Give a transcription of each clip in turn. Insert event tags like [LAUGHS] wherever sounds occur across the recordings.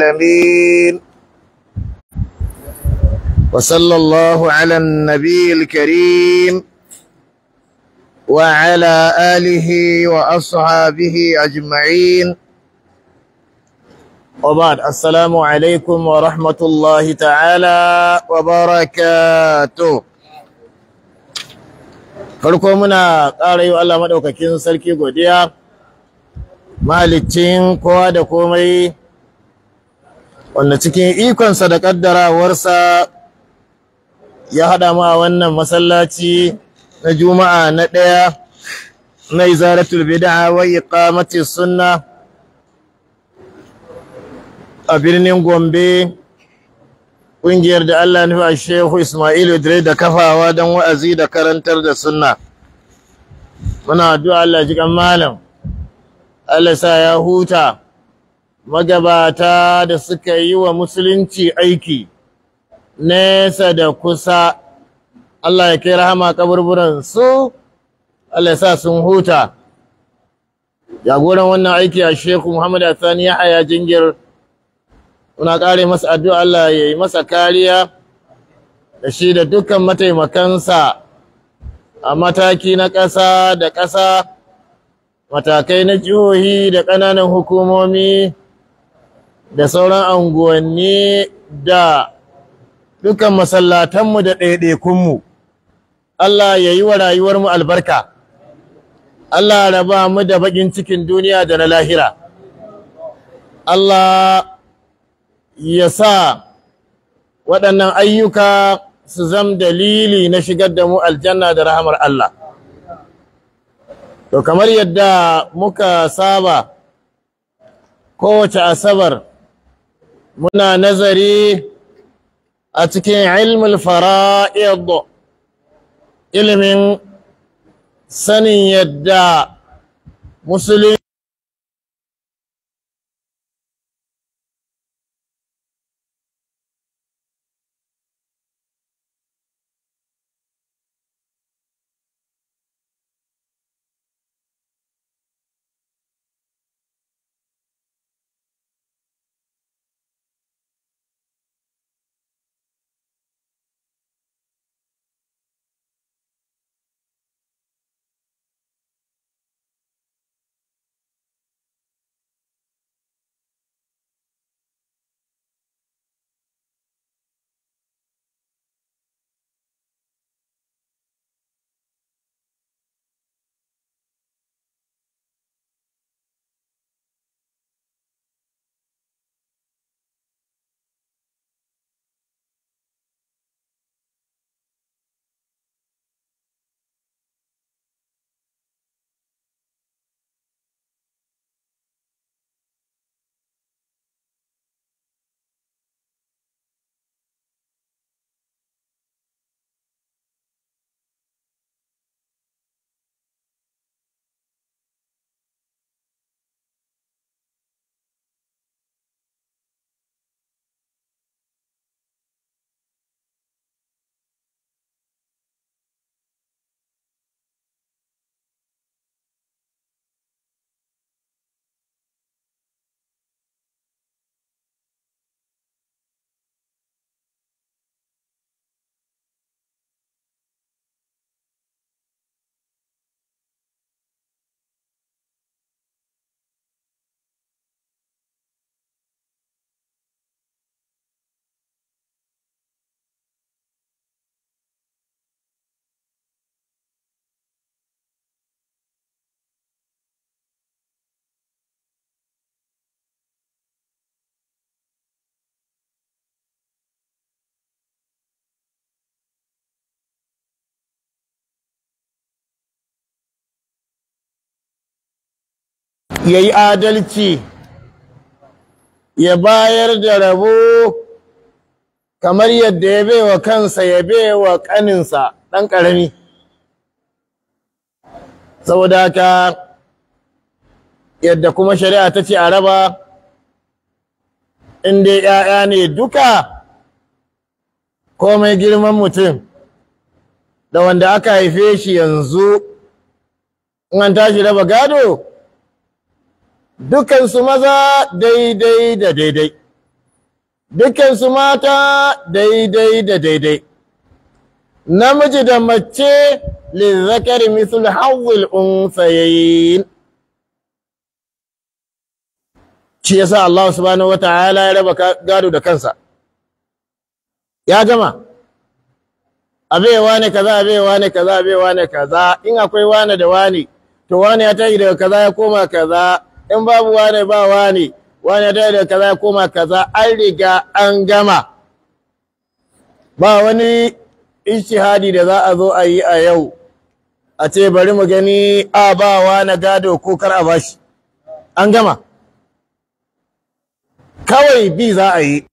العالمين وصلى الله على النبي الكريم وعلى آله وأصحابه أجمعين وبعد السلام عليكم ورحمة الله تعالى وبركاته farko muna ƙara yi wa Allah maɗaukakin sarki godiya malicin kowa da komai wanda cikin ikonsa da kaddarawarsa ya haɗa a wannan masallaci na juma'a na ɗaya na izaratul bid'a wa iqamati sunna a birnin Gombe ƙungiyar da Allah nufi a Shehu Ismailu Dre da kafawa don wa'azi da karantar da sunna muna addu'a Allah ji malam Allah sa ya huta magabata da suka yi wa musulunci aiki nesa da kusa Allah ya kai rahama kaburburan su Allah ya sa sun huta jagoran wannan aiki a Sheikh Muhammad Athani Yahaya Jingir muna kare masa addu'a Allah ya yi masa kariya da shi da dukkan mataimakansa a mataki na ƙasa da ƙasa matakai na jihohi da ƙananan hukumomi da sauran anguwanni da dukan masallatanmu da ɗaiɗaikunmu Allah ya yi wa rayuwarmu albarka Allah raba mu da baƙin cikin duniya da na lahira Allah ya sa waɗannan ayyuka su zam dalili na shigar da mu aljanna da rahamar Allah to kamar yadda muka saba kowace asabar muna nazari a cikin ilmul fara'id ilimin sanin yadda musulun ya yi adalci ya bayar da rabo kamar yadda ya baiwa kansa ya baiwa ƙaninsa ɗan ƙarami saboda haka yadda kuma shari'a ta ce a raba inda dai ‘ya'ya ne duka komai girman mutum da wanda aka haife shi yanzu in an tashi raba gado dukansu maza daidai da daidai dukansu mata daidai da daidai namiji da mace lizzakari misul hawil unsayayin shi yasa Allah subhanahu wataala ya raba gado da kansa ya gama abewa ne kaza abewa ne kaza abewa ne kaza in akwai wane da wane to wane ya tashi daga kaza ya koma kaza in babu wane ba wane wane da da kaza koma kaza an riga an gama ba wani ishihadi da za a zo a yi a yau a ce bari mu gani a ba wane gado ko kar a bashi an gama kawai bi za a yi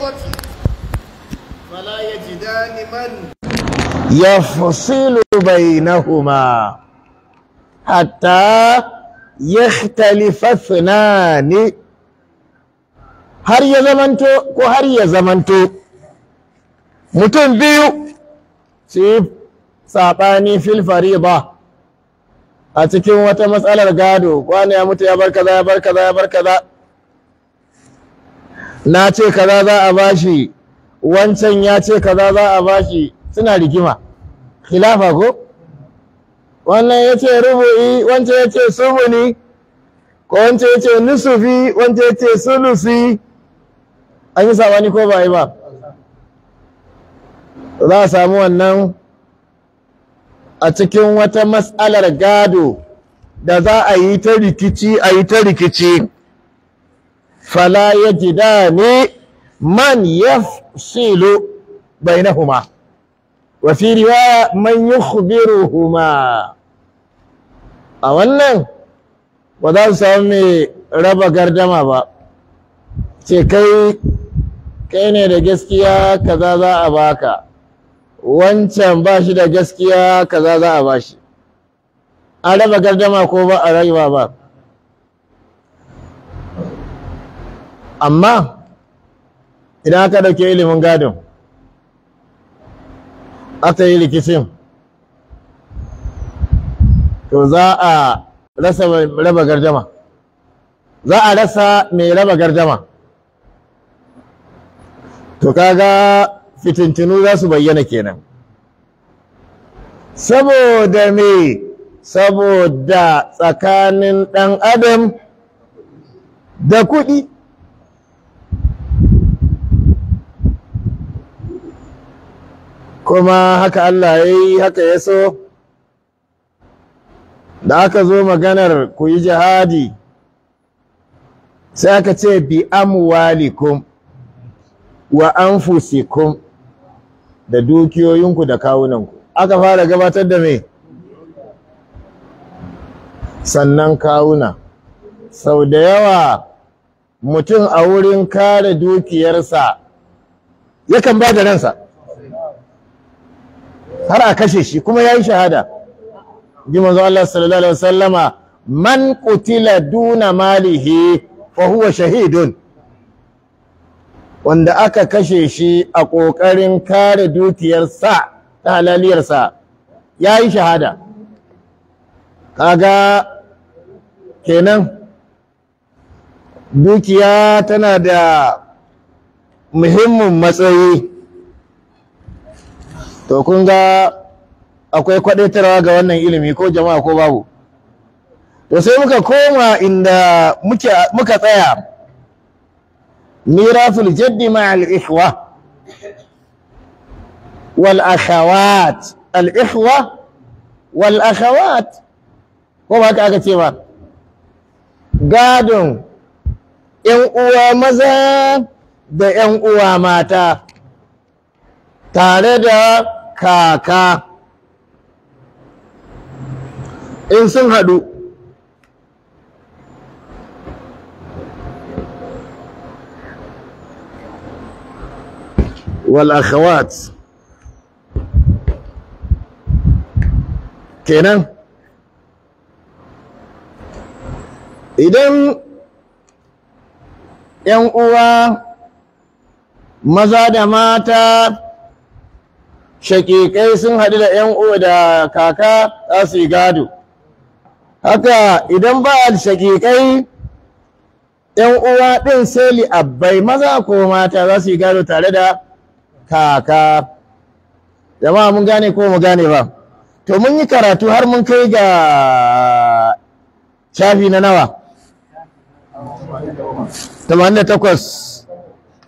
القتل فلا يجدان من يفصل بينهما حتى يختلف اثنان har ya zamanto ko har ya zamanto mutum biyu su yi saɓani filfari ba a cikin wata matsalar gado wani ya mutu ya bar kaza ya bar kaza ya bar kaza na ce kaza za a bashi wancan ya ce kaza za a bashi suna rigima khilafa ko wannan ya ce rubu'i wancan ya ce subuni ko wancan ya ce nusufi wancan ya ce sulusi an yi sabani ko ba yi ba za a samu wannan a cikin wata matsalar gado da za a yi ta rikici a yi ta rikici fala yajidani man yafsilu bainahuma wa fi riwaya man a wannan ba za su samu mai raba gardama ba ce kai kai ne da gaskiya kaza za a baka wancan ba shi da gaskiya kaza za a shi. a raba gardama ko ba a rayuwa ba amma idan aka ɗauke ilimin gadon aka yi rikicin to za a rasa raba garjama za a rasa mai raba garjama to kaga fitintinu za su bayyana kenan saboda me saboda tsakanin ɗan adam da kuɗi kuma haka Allah ya yi haka ya so da aka zo maganar ku yi jihadi sai aka ce bi amwalikum wa anfusikum da dukiyoyinku da kawunanku aka fara gabatar da me sannan kawuna sau da yawa mutum a wurin kare dukiyarsa yakan ba da ransa har a kashe shi kuma ya yi shahada ji manzo Allah sallallahu alaihi wasallama man kutila duna malihi fa huwa shahidun wanda aka kashe shi a ƙoƙarin kare dukiyarsa ta halaliyarsa yi shahada kaga kenan dukiya tana da muhimmin matsayi to kun ga akwai tarawa ga wannan ilimi ko jama'a ko babu to sai muka koma inda muka tsaya mirasul jaddi ma'al ihwa wal akhawat al ihwa wal ko ba ka aka ce ba gadon yan uwa maza da yan uwa mata tare da kaka in sun haɗu wal'akawat kenan idan ‘yan uwa maza da mata kai sun haɗu da ‘yan uwa da kaka za su yi gado haka idan ba a kai ‘yan uwa ɗin sai li'abbai maza ko mata za su yi gado tare da kaka jama'a mun gane ko mu gane ba to mun yi karatu har mun kai ga shafi na nawa 88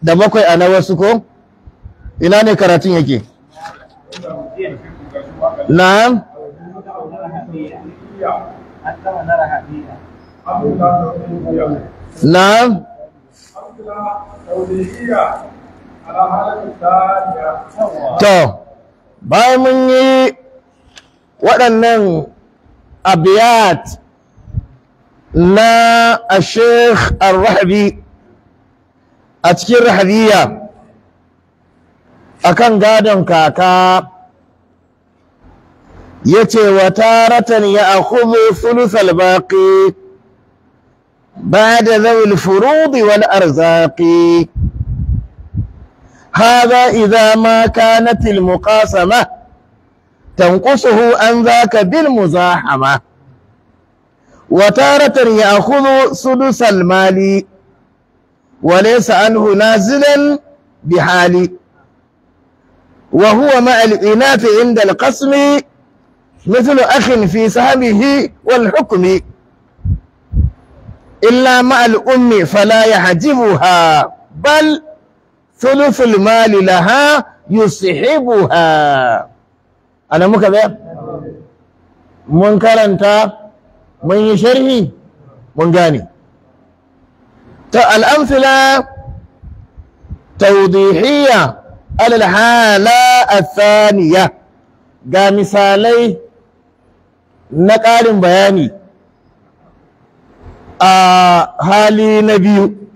da bakwai a na wasu ko ina ne karatun yake na'am na'am to bayan mun yi waɗannan abiyat na a sheikh al-rahabi a cikin rahadiyya akan gadon kaka ya ce wa taratan ya akubu sulusal baƙi ba da zaul furubi wal arzaki haza iza ma kanatil muqasama tanqusuhu an zaka bil muzahama wa taratan ya akubu sulusal mali wa laysa anhu nazilan bihali وهو مع الإناث عند القسم مثل أخ في سهمه والحكم إلا مع الأم فلا يحجبها بل ثلث المال لها يسحبها أنا مكذب منكر أنت من يشره من جاني الأمثلة توضيحية alhala a saniya ga misalai na ƙarin bayani a hali na biyu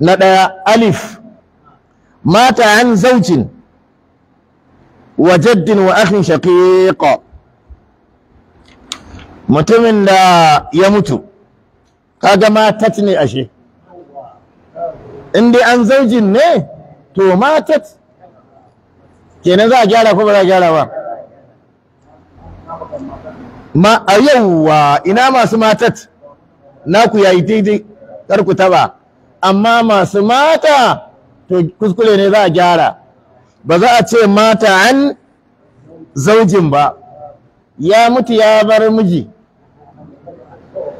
na ɗaya alif mata an zaujin wa jaddin wa ahin shaƙiƙa. mutumin da ya mutu kaga matat ne ashe in an zaujin ne to matat kenan za a gyara ko ba za a gyara ba ma a yauwa ina masu matat na ku yayi daidai kar ku taba amma masu mata to kuskure ne za a gyara ba za a ce mata an zaujin ba ya mutu ya bar miji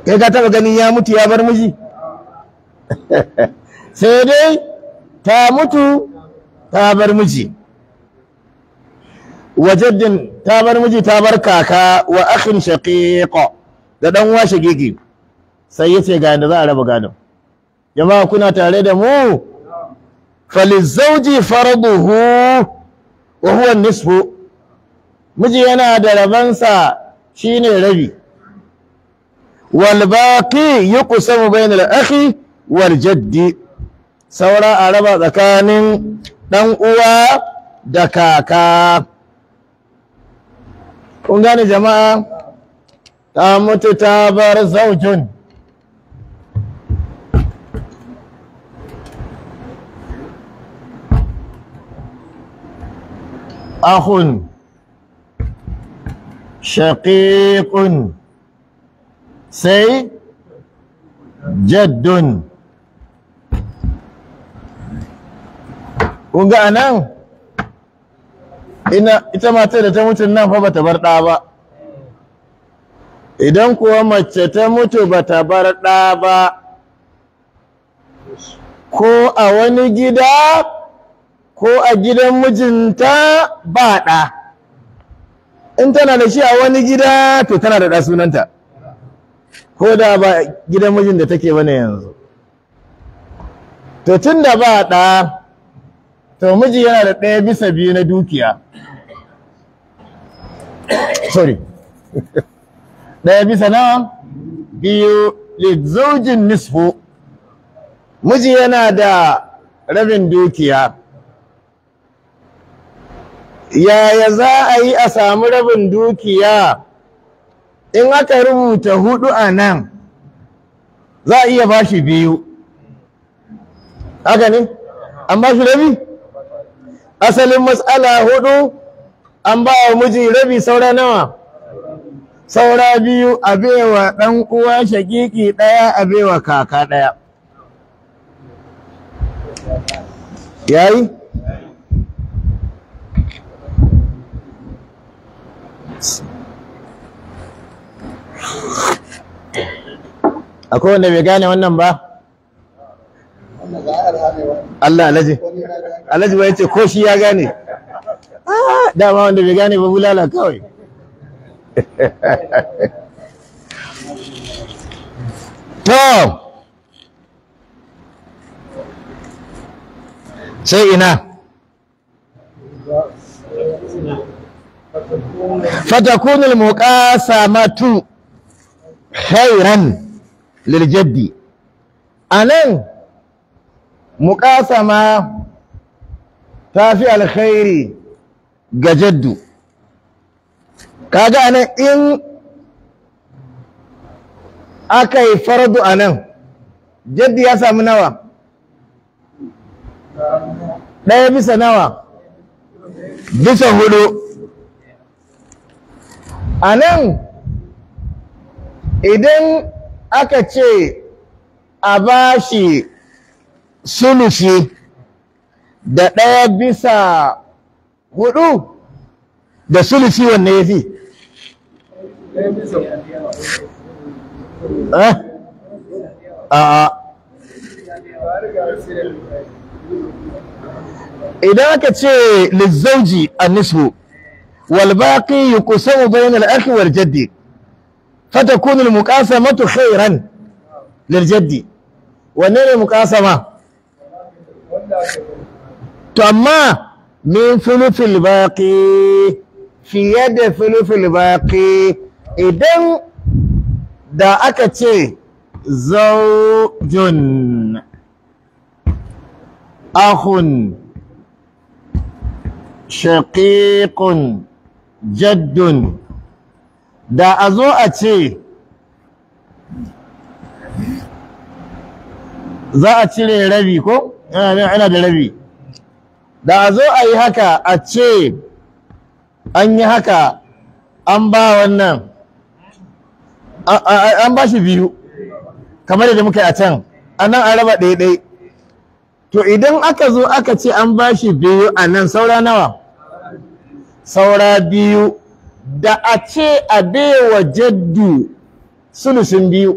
kai ka taba ganin ya mutu ya bar miji [LAUGHS] sai dai ta mutu ta bar miji wa jaddin ta bar miji ta bar kaka wa akhin shaqiqa da dan uwa shagigi sai yace ga yanda za a raba gadon jama'a kuna tare da mu zawji farduhu wa huwa nisfu miji yana da rabansa shine rabi wal baqi yuqsamu bainal akhi wal jaddi saura a raba tsakanin ɗan uwa da kaka kun gane jama'a ta mutu ta bar zaujun ahun shaƙiƙun sai jaddun kun ga anan ina ita matar da ta mutu nan fa bata bar ɗa ba idan kuwa mace ta mutu bata bar ɗa ba ko a wani gida ko a gidan mijinta ba ɗa in tana da shi a wani gida to tana da ɗa sunanta ko da ba gidan mijin da take bane yanzu to tun da ba ɗa to miji yana da ɗaya bisa biyu na dukiya sorry [LAUGHS] ɗaya bisa na biyu lizojin nisfu miji yana da rabin dukiya yaya za a yi a samu rabin dukiya in aka rubuta hudu a nan za a iya bashi biyu haka ne an bashi rabi asalin matsala hudu an ba wa miji rabi saura nawa saura biyu a baiwa ɗan uwa shakiki ɗaya a baiwa kaka ɗaya yayi akwai wanda bai gane wannan ba Allah alaji Alhaji ba ya ce ko shi ya gane. Ah, ma wanda bai gane ba bulala kawai. [LAUGHS] To. Sai ina. Fatakunul muƙasa matu khairan lil jaddi. anan muƙasa ma tafi alkhairi ga jaddu kaga anan in aka yi fardu anan jaddu ya samu nawa ɗaya bisa nawa bisa hudu anan idan aka ce a bashi sulusi da ɗaya bisa huɗu, da sulisi wanne ya fi eh? idan aka ce lizzauji a nisu walbaƙi yi kusa ubayin al'akiwar jaddi fata kunin mukasa matu khairan lirjaddi wanne ne mukasa ma? to amma min filifil baƙi fiye da filifil baƙi idan da aka ce zaujun ahun shaƙiƙun jaddun da a zo a ce za a cire rabi ko? yana da rabi da a zo a yi haka a ce an yi haka an ba wannan an ba shi biyu kamar da muka yi a can a nan an raba ɗaiɗai to idan aka zo aka ce an ba shi biyu a nan saura nawa saura biyu da a ce a baiwa jaddu sulusun biyu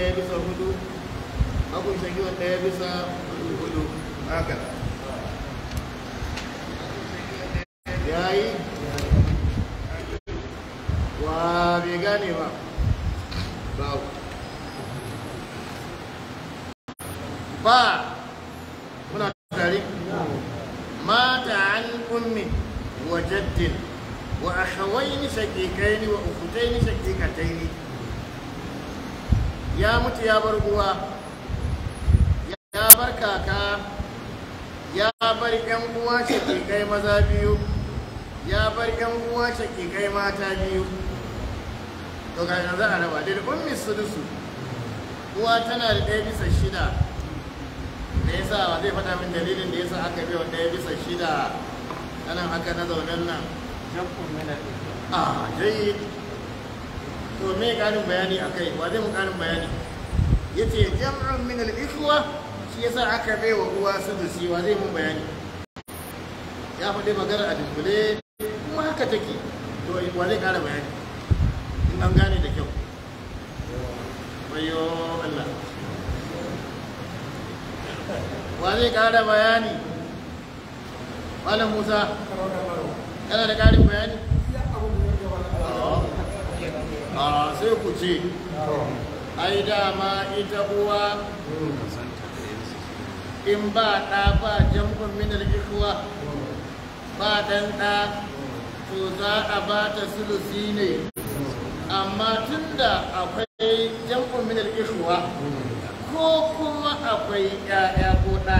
ɗaya bisa hudu abun shagiwan ɗaya bisa hudu haka ya yi wa bai gane ba babu ba muna tari mata an kunni wa jaddin wa akhawaini shaqiqaini wa ukhtaini shaqiqataini ya mutu ya bar uwa ya bar kaka ya bar yan uwa shakikai maza biyu ya bar yan uwa shakikai mata biyu to ga yanzu a raba da ummi sudusu uwa tana da ɗaya bisa shida da yasa ba zai faɗa min dalilin da yasa aka biya ɗaya bisa shida anan haka na zaunen nan jakkun mina ah jayi to me ƙarin bayani kai ba zai mu ƙarin bayani Ya ce jam'an min al'ikuwa shi ya yasa aka bai wa uwa sudusi wa zai mu bayani ya faɗi magana a dunkule kuma haka take to wa zai ƙara bayani in an gane da kyau wayo Allah wa zai ƙara bayani malam Musa kana da karin bayani a ah, sai ku ce ai dama ita uwa in ba ɗa ba jam'un minar ikuwa ba ɗan ɗa to za a ba ta sulusi ne amma tunda akwai jam'un minar ikuwa ko kuma akwai 'ya'ya ko ɗa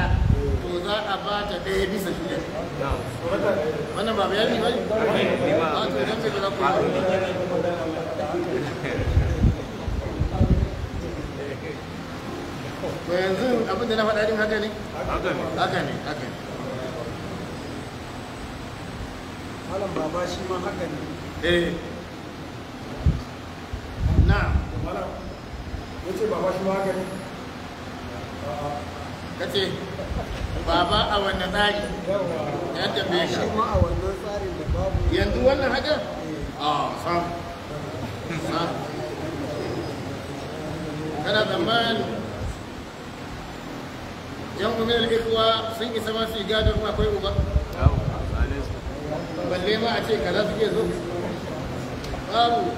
za a ba ta ɗaya bisa shida wannan ba bayani ba ne ba ku to yanzu abin da na faɗa haka ne haka ne haka ne malam baba shi ma haka ne eh na malam yace baba shi ma haka ne ka ce baba a wanne tsari ya tambaye ka yanzu wannan haka eh. a ah, sam sam kana tsammanin yan umar ikuwa sun isa masu gadon akwai uba balle ma a ce kaza suke zo babu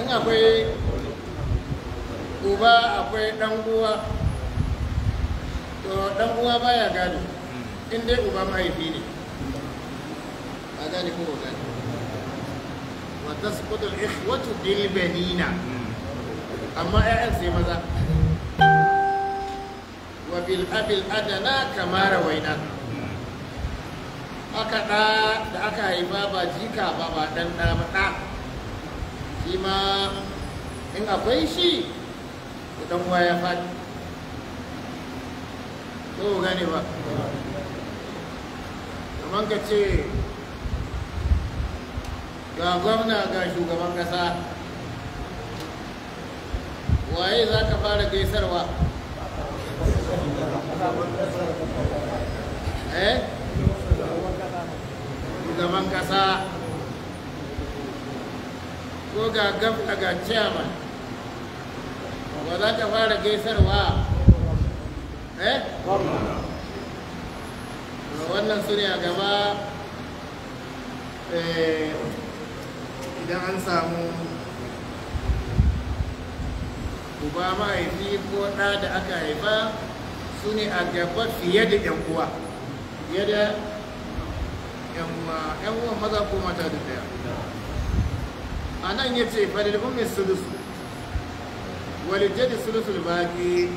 in akwai uba akwai dan uwa to dan uwa baya gado in dai uba mahaifi ne ba gane ko ba gane wa tasqutu al-ikhwatu bil banina amma 'ya'yan sai maza wa bil abil adana kama rawaina aka ɗa da aka haifa ba jika ba ba ɗan ɗa ba ɗa shi ma in akwai shi ɗan uwa ya faɗi ko gane ba kamar ka ce ga gwamna ga shugaban kasa waye za ka fara gaisarwa eh shugaban kasa ko ga gwamna ga ciyaman ba za ka fara gaisarwa eh wannan su ne a gaba eh, idan an samu uba mahaifi ko ɗa da aka haifa su ne a gaba fiye da ‘yan uwa fiye da ‘yan uwa maza ko mata da daya a nan ya ce falilhummin sulusu walijadi sulusul baki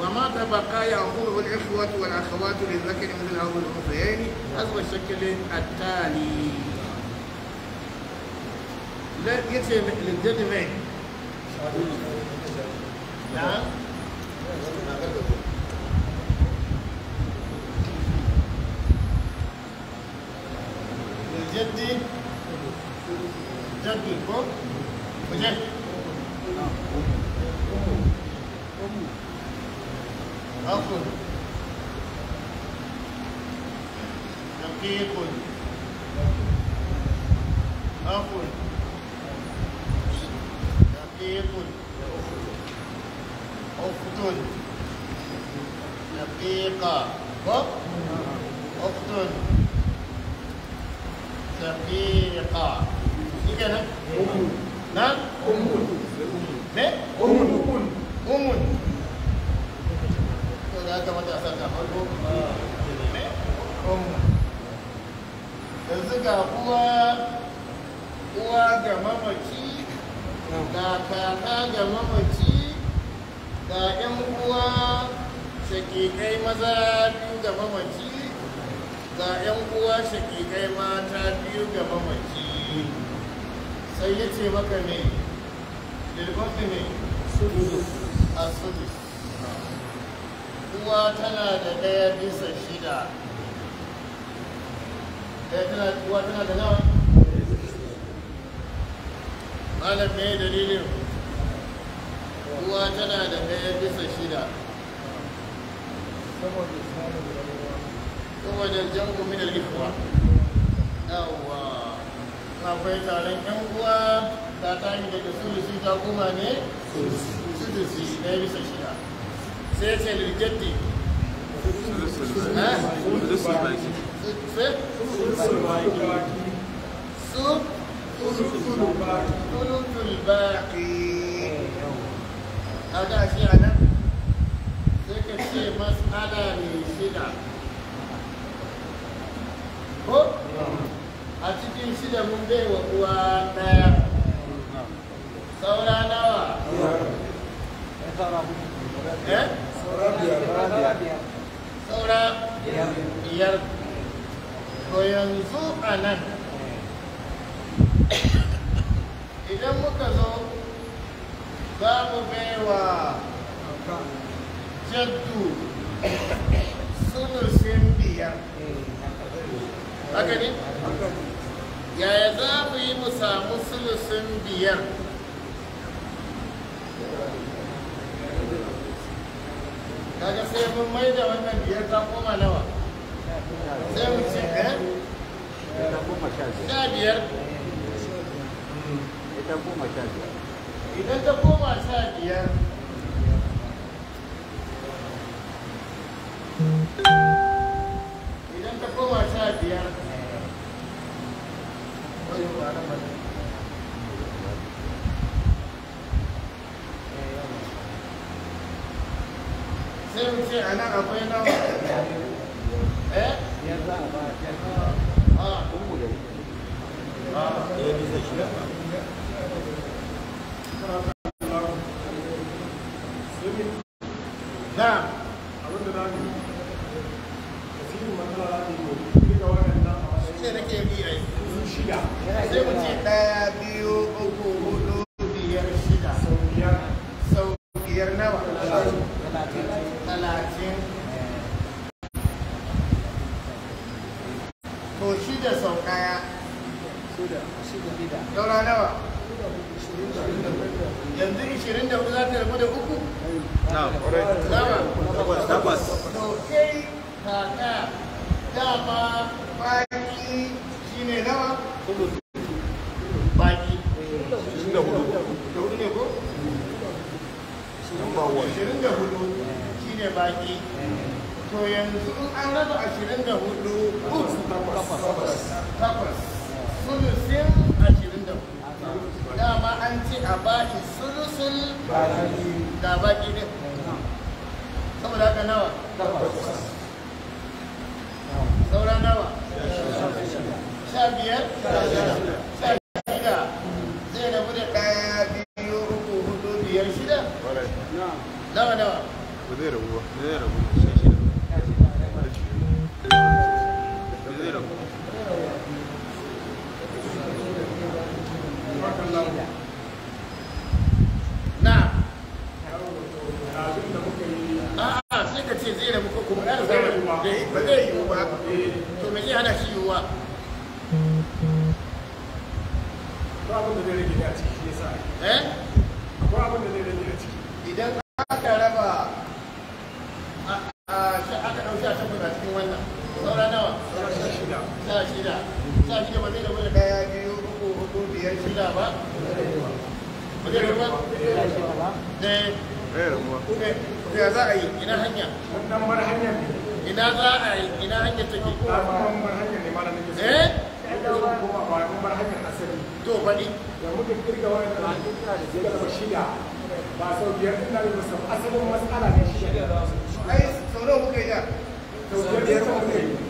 وما تبقى يأخذه الإخوة والأخوات للذكر مثل أو الأنثيين حسب الشكل التالي لا يتم للجدمين نعم جدي جد الفوق وجد أخ دقيق أخ دقيق أخت دقيقة أخت دقيقة دي كده نعم أم نعم أم أم ya matasa a eh. yanzu ga uwa uwa ga mamaci ga kaka ga mamaci ga yan uwa shakikai maza biyu ga mamaci ga yan uwa shakikai mata biyu ga mamaci sai ya ce maka ne lilbafi ne a uwa tana da daya bisa shida uwa tana da nawa malam dalilin uwa tana da daya bisa shida saboda jan yawwa akwai taron yan uwa ta tashi daga su ta kuma ne su na bisa shida sai ya ce mas'ala ne shida ko cikin shida mun bai uwa ɗaya nawa eh, ¿Eh? saura biyar to yanzu a nan idan muka zo za mu baiwa jaddu sulusin biyar haka ne? yaya za mu yi mu samu sulusin biyar kaga sai mun mai da wannan biyar ta koma nawa sai ce eh sha biyar idan ta koma sha biyar i mu ce a nan akwai a bashi sulusul da baki ne saboda haka nawa saura nawa sha biyar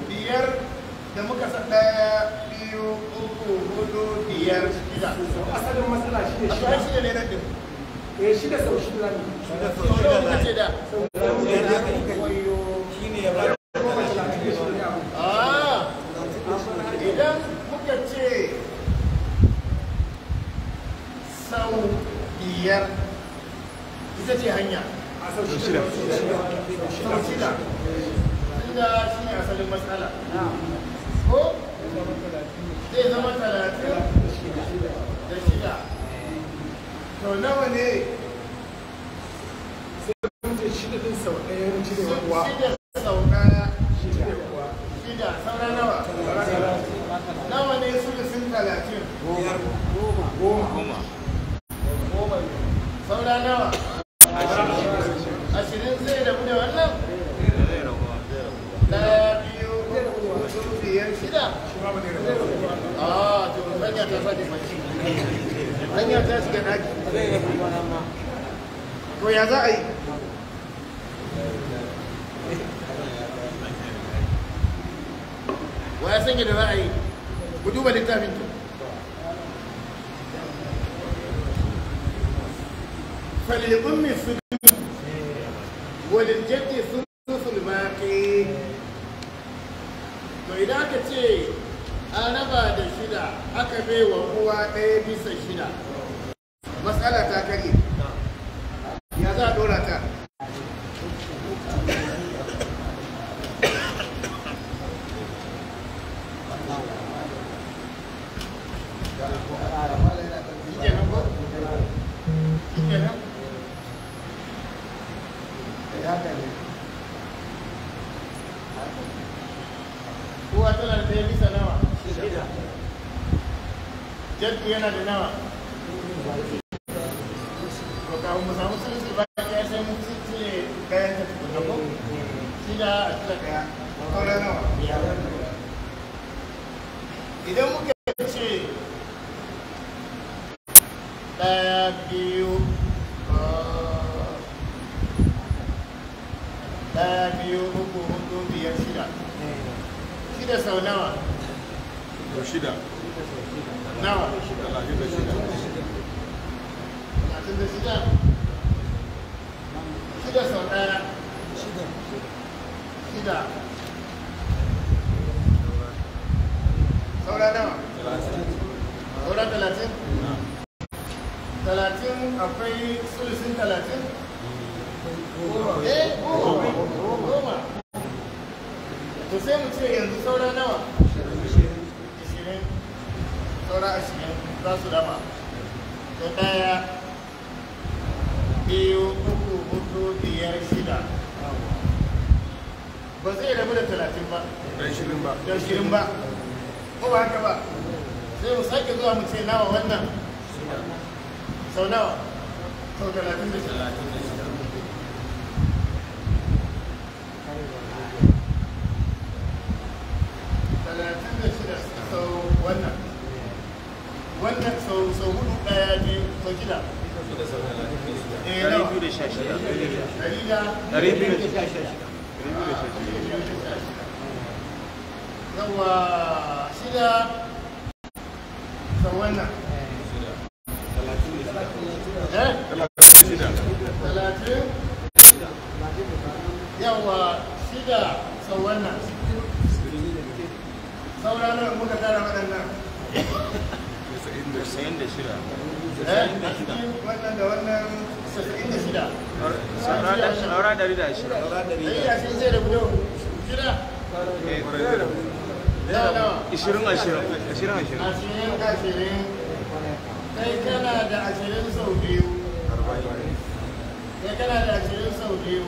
biyar da muka san ɗaya biyu uku hudu biyar shida asalin matsala shi ne shida shi ne raddin eh shida sau shida ne shida sau shida ne السني وللجد سدس الباقي to idan aka ce an raba da shida aka baiwa wa kowa ɗaya bisa shida matsala ta kare ya za a ɗora Diana Lenaba. talatin akwai sulusin talatin eh, sai mu ce yanzu saura nawa ashirin saura ashirin za dama da daya biyu uku hudu shida ba zai rabu da talatin ba da shirin ba ko ba ba sai mu sake zuwa mu ce nawa wannan sau nawa sau talatin da shida talatin da shida sau wannan wannan sau sau hudu daya biyu sau shida ɗari eh, da da shida da wannan talatin yawa shida sau wannan saura nan muka tara waɗannan casa'in da shida wannan da wannan casa'in da shida saura dari da ashirin saura dari da ashirin zai da gudu shida ashirin ashirin ashirin ashirin kai kana da ashirin sau biyu kai kana da ashirin sau biyu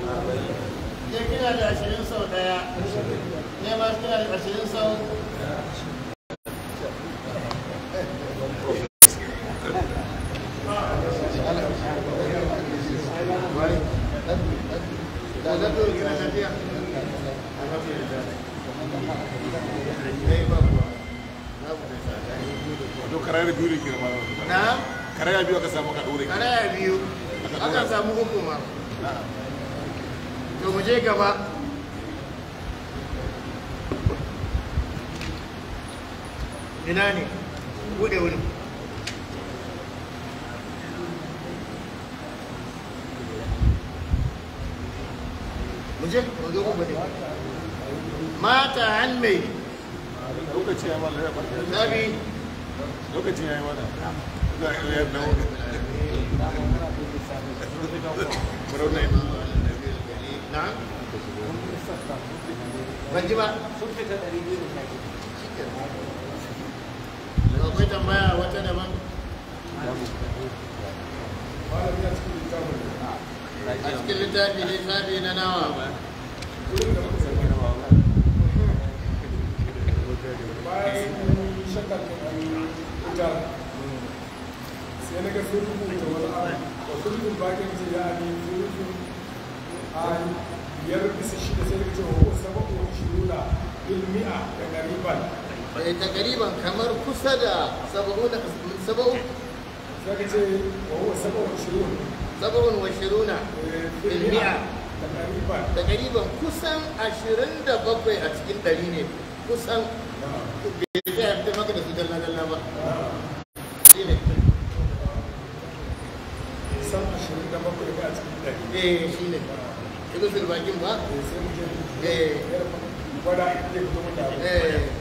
kai kana da ashirin sau daya ne ma kana da ashirin sau a cikin littafi ne sabi na nawa ba. Eh, sai na ga sun rubuta wani abu wa bakin ce ya ne zurfin a biyar bisa shida sai daga cewa wasu sabon wani shirula ilmi'a da gariban bai ta gariban kamar kusa da sabon da sabon sai ka ce wa wasu sabon shirula washiruna ilmiya da bil kusan ashirin da bakwai a cikin ɗari ne kusan bai maka da su dalla dalla ba shine kusan a cikin eh ba eh sai mu je eh fito mutane eh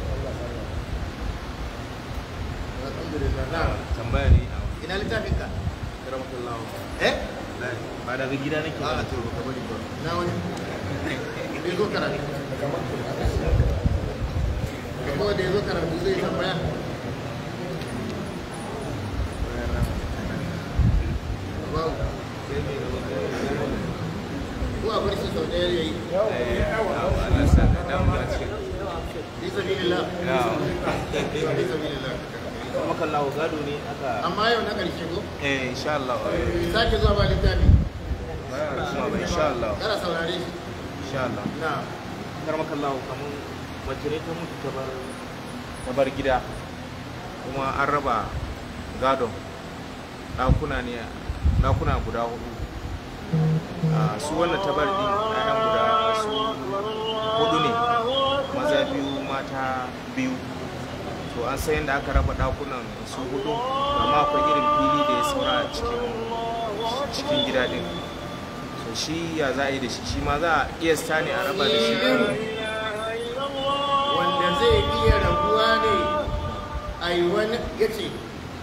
daga gida ah, [LAUGHS] a ba aka amma yau na karshe ko? eh insha Allah sake zuwa ba littafi jima ba insha Allah kana saurare insha Allah na karmaka Allah kaman wacce ne ta mutu ta bar gida kuma an raba gadon ɗakuna ne ɗakuna guda hudu ah, su wannan tabar din ɗayan guda su hudu ne maza biyu mata biyu to an san da aka raba ɗakunan su hudu amma akwai irin fili da ya saura cikin gida din to shi ya za a yi da shi shi ma za a iya sani a raba da shi wanda zai iya rabuwa ne a yi wani ya ce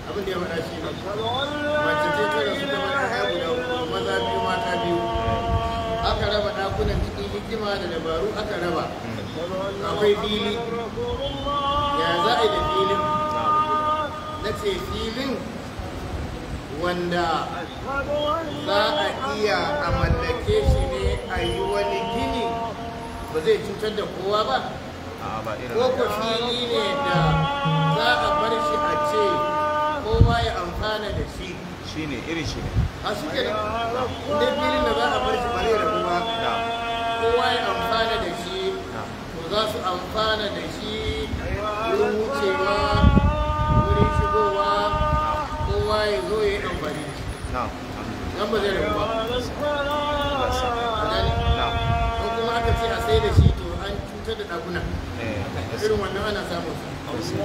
abin da ya faɗa shi ne mace ce ta rasu da mata ya guda maza biyu mata biyu aka raba dakunan cikin hikima da dabaru aka raba akwai fili ya za a yi da filin na ce filin wanda za a iya a mallake shi ne a yi wani gini ba zai cutar da kowa ba ko ku fili ne da za a bar shi a ce kowa ya amfana da shi shi ne iri shi ne a su ke da filin da za a bar shi bare da kuma kowa ya amfana da shi ko za su amfana da shi wurin wucewa wurin shigowa kowa ya zo ya yi amfani nan ba zai rabu ko kuma aka ce a sai da shi to an cutar da ɗakuna eh. irin wannan ana samun su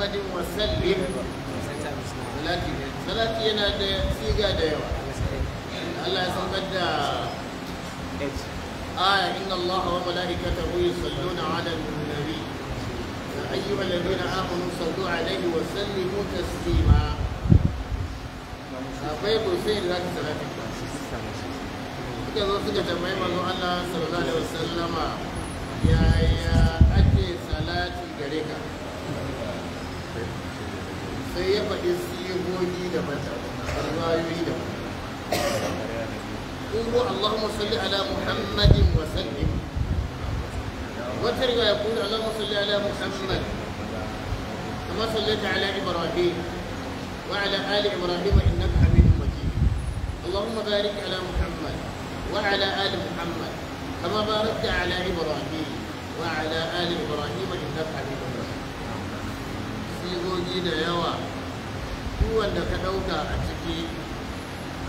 محمد وسلم salati salati yana da siga da yawa Allah ya saukar da aya inna Allah wa malaikatahu yusalluna ala nabi ya ayyuhal ladina amanu sallu alaihi wa sallimu taslima akwai Hussein za ta Allah sallallahu alaihi wasallama yaya ake salati gare ka sai ya اللهم صل على محمد وسلم وترجع يقول اللهم صل على محمد كما صليت على ابراهيم وعلى ال ابراهيم انك حميد مجيد اللهم بارك على محمد وعلى ال محمد كما باركت على ابراهيم وعلى ال ابراهيم انك حميد مجيد سيبوجي يا abubuwan da ka ɗauka a ciki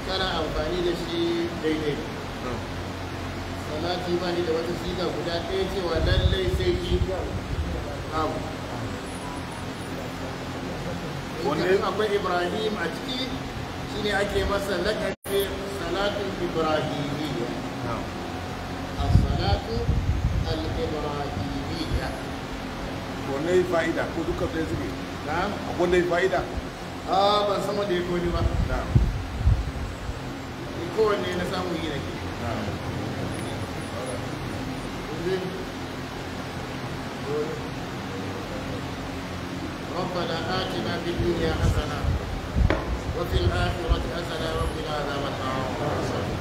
kana amfani da shi daidai hmm. salati ba ni da wata siga guda ɗaya cewa lallai sai ki abu wannan akwai ibrahim a ciki shine ake masa laƙabe salatu ibrahimiyya hmm. A salatu al-ibrahimiyya wannan fa'ida ko duka zai zube na akwai fa'ida Aa ah, ban san wanda ya koni ba. Na'am. Ni kowanne na samu yi nake. Na'am. ربنا آتنا في الدنيا حسنة